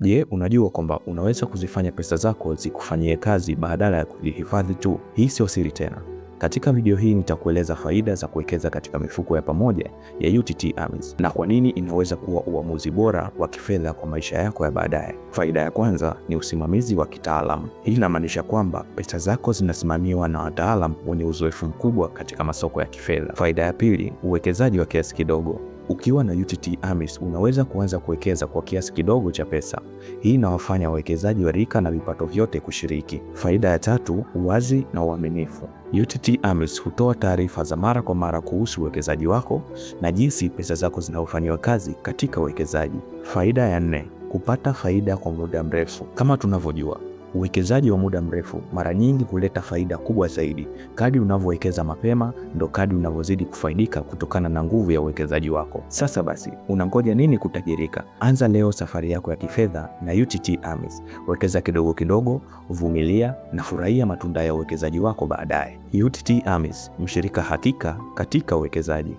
Je, unajua kwamba unaweza kuzifanya pesa zako zikufanyie kazi badala ya kuzihifadhi tu? Hii sio siri tena. Katika video hii nitakueleza faida za kuwekeza katika mifuko ya pamoja ya UTT AMIS na kwa nini inaweza kuwa uamuzi bora wa kifedha kwa maisha yako ya baadaye. Faida ya kwanza ni usimamizi wa kitaalamu. Hii inamaanisha kwamba pesa zako zinasimamiwa na wataalamu wenye uzoefu mkubwa katika masoko ya kifedha. Faida ya pili, uwekezaji wa kiasi kidogo. Ukiwa na UTT AMIS unaweza kuanza kuwekeza kwa kiasi kidogo cha pesa. Hii inawafanya wawekezaji wa rika na vipato vyote kushiriki. Faida ya tatu, uwazi na uaminifu. UTT AMIS hutoa taarifa za mara kwa mara kuhusu uwekezaji wako na jinsi pesa zako zinavyofanyiwa kazi katika uwekezaji. Faida ya nne, kupata faida kwa muda mrefu. Kama tunavyojua Uwekezaji wa muda mrefu mara nyingi huleta faida kubwa zaidi. Kadri unavyowekeza mapema, ndo kadri unavyozidi kufaidika kutokana na nguvu ya uwekezaji wako. Sasa basi, unangoja nini kutajirika? Anza leo safari yako ya kifedha na UTT AMIS. Wekeza kidogo kidogo, vumilia na furahia matunda ya uwekezaji wako baadaye. UTT AMIS, mshirika hakika katika uwekezaji.